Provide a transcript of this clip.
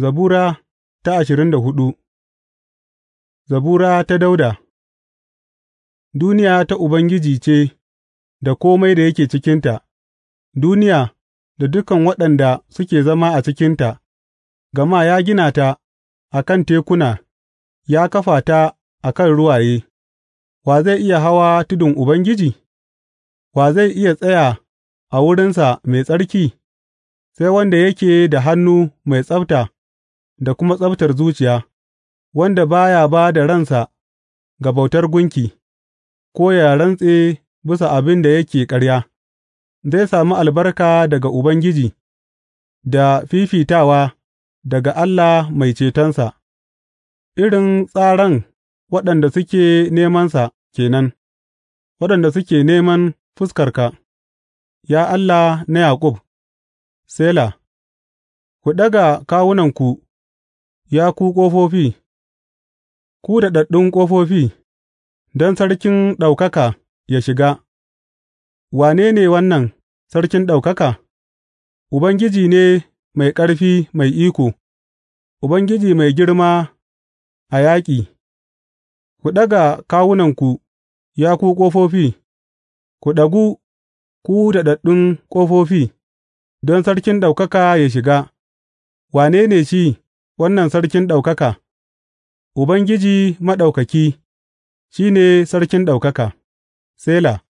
Zabura ta ashirin da hudu Zabura ta Dauda Duniya ta Ubangiji ce da kome da yake cikinta, duniya da dukan waɗanda suke zama a cikinta, gama ya gina ta a kan tekuna, ya kafa ta a kan ruwaye, wa zai iya hawa tudun Ubangiji? Wa zai iya tsaya a wurinsa mai tsarki, sai wanda yake da hannu mai tsabta. da kuma tsabtar zuciya, wanda ba ya ba da ransa ga bautar gunki, ko ya rantse bisa abin da yake ƙarya, zai sami albarka daga Ubangiji da fifitawa daga Allah Mai Cetonsa, irin tsaran waɗanda suke nemansa ke nan, waɗanda suke neman fuskarka, ya Allah na Yaƙub, Sela, ku ɗaga kawunanku Ya ku ƙofofi, ku daɗaɗɗun ƙofofi, don Sarkin ɗaukaka ya shiga, wane ne wannan Sarkin ɗaukaka? Ubangiji ne mai ƙarfi mai iko, Ubangiji mai girma a yaƙi, ku ɗaga kawunanku, ya ku ƙofofi, ku ɗagu, ku daɗaɗɗun ƙofofi, don Sarkin ɗaukaka ya shiga, wane ne shi? wannan Sarkin ɗaukaka, Ubangiji Maɗaukaki, shi ne Sarkin ɗaukaka, Sela